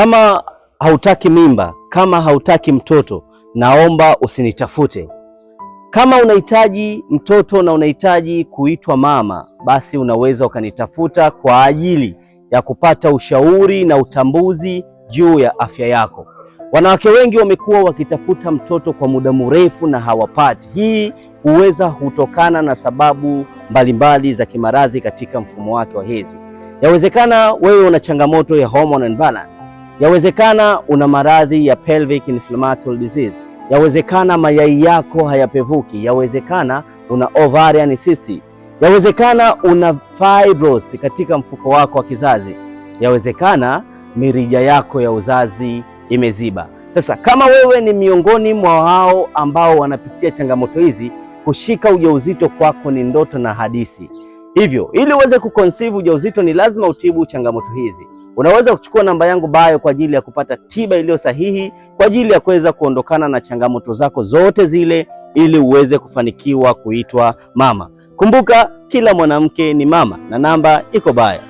Kama hautaki mimba, kama hautaki mtoto, naomba usinitafute. Kama unahitaji mtoto na unahitaji kuitwa mama, basi unaweza ukanitafuta kwa ajili ya kupata ushauri na utambuzi juu ya afya yako. Wanawake wengi wamekuwa wakitafuta mtoto kwa muda mrefu na hawapati. Hii huweza hutokana na sababu mbalimbali za kimaradhi katika mfumo wake wa hedhi. Yawezekana wewe una changamoto ya hormone imbalance. Yawezekana una maradhi ya pelvic inflammatory disease, yawezekana mayai yako hayapevuki, yawezekana una ovarian cyst, yawezekana una fibroids katika mfuko wako wa kizazi, yawezekana mirija yako ya uzazi imeziba. Sasa kama wewe ni miongoni mwa hao ambao wanapitia changamoto hizi, kushika ujauzito kwako ni ndoto na hadithi. Hivyo ili uweze kuconceive ujauzito ni lazima utibu changamoto hizi. Unaweza kuchukua namba yangu bayo kwa ajili ya kupata tiba iliyo sahihi kwa ajili ya kuweza kuondokana na changamoto zako zote zile ili uweze kufanikiwa kuitwa mama. Kumbuka, kila mwanamke ni mama na namba iko bayo.